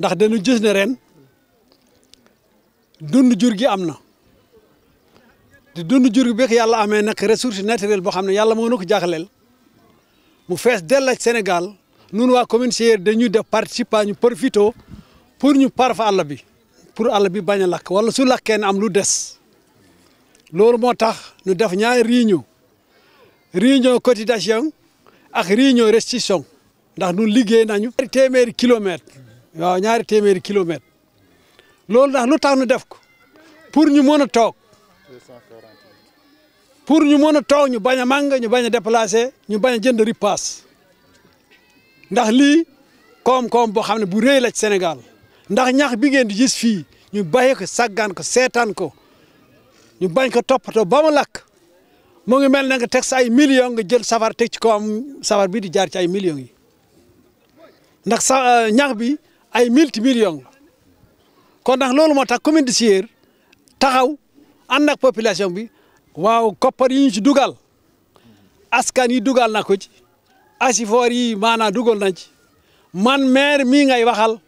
ndax dañu gis ne ren dund jur gi am na de dund jur gi beeg yàlla amee nag ressource naturel boo xam ne yàlla moo na ko jaaxleel mu fees dell ak Sénégal nun waa commune Syer dañuy def participer ñu profité pour ñu parfa àll bi pour àll bi bañ lakk wala su lakkee ne am lu des loolu moo tax ñu def ñaar réunion réunion cotisation ak réunion restitution ndax ñun liggéey nañu. téeméeri kilomètres. waaw ñaari téeméeri kilomètre loolu ndax lu tax nu def ko pour ñu mën a toog pour ñu mën a toog ñu bañ a màng ñu bañ a déplacé ñu bañ a jënd ripaas ndax li koom-koom boo xam ne bu rëy la ci Sénégal ndax ñax bi ngeen di gis fii ñu bàyyi ko saggan ko seetaan ko ñu bañ ko toppatoo ba mu lakk mu ngi mel ne nga teg sa ay millions nga jël safar teg ci kawam safar bi di jaar ci ay millions yi ndax euh, ñax bi. ay multi millions la kon ndax loolu moo takk commune de Syer taxaw ànd ak population bi waaw koppar yi ci dugal askan yi dugal na ko ci asifoor yi maanaam dugal nañ ci man maire mii ngay waxal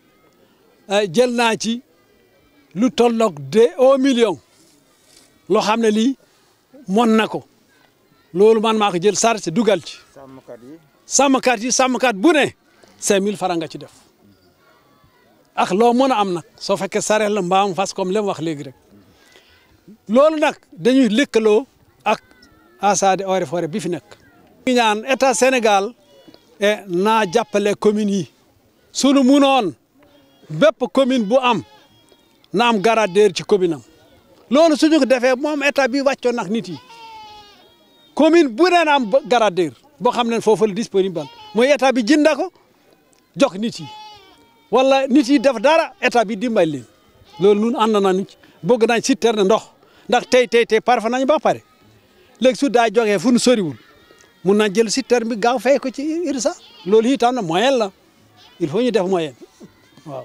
eh, jël naa ci lu tolloog de au million loo xam ne lii mën na ko loolu man maa ko jël charge dugal ci sàmmkat yi sàmmkat bu ne cinq mille francs nga ci def ak loo mën a am nag soo fekkee sareex la mbaam fas comme li mu wax léegi rek loolu nag dañuy lëkkaloo ak ASAD Eaux et Forêts bi fi nekk. ñu ñaan senegal Sénégal e naa jàppale communes yi sunu munoon bépp commune bu am naam am garadeer ci commune am loolu suñu ko defee moom état bi wàccoon nag nit yi commune bu neen am garadeer boo xam ne fooful la mooy état bi jënd ko jox nit yi. wala nit yi def dara état bi dimbal leen loolu nun ànd nañu ci bëgg nañ citerne ndox ndax tey tey tey pare fa nañ ba pare léegi su daa jógee fun nu soriwul mun nañ jël citerne bi gaaw fey ko ci sa loolu itam na moyen la il faut ñu def moyen waaw.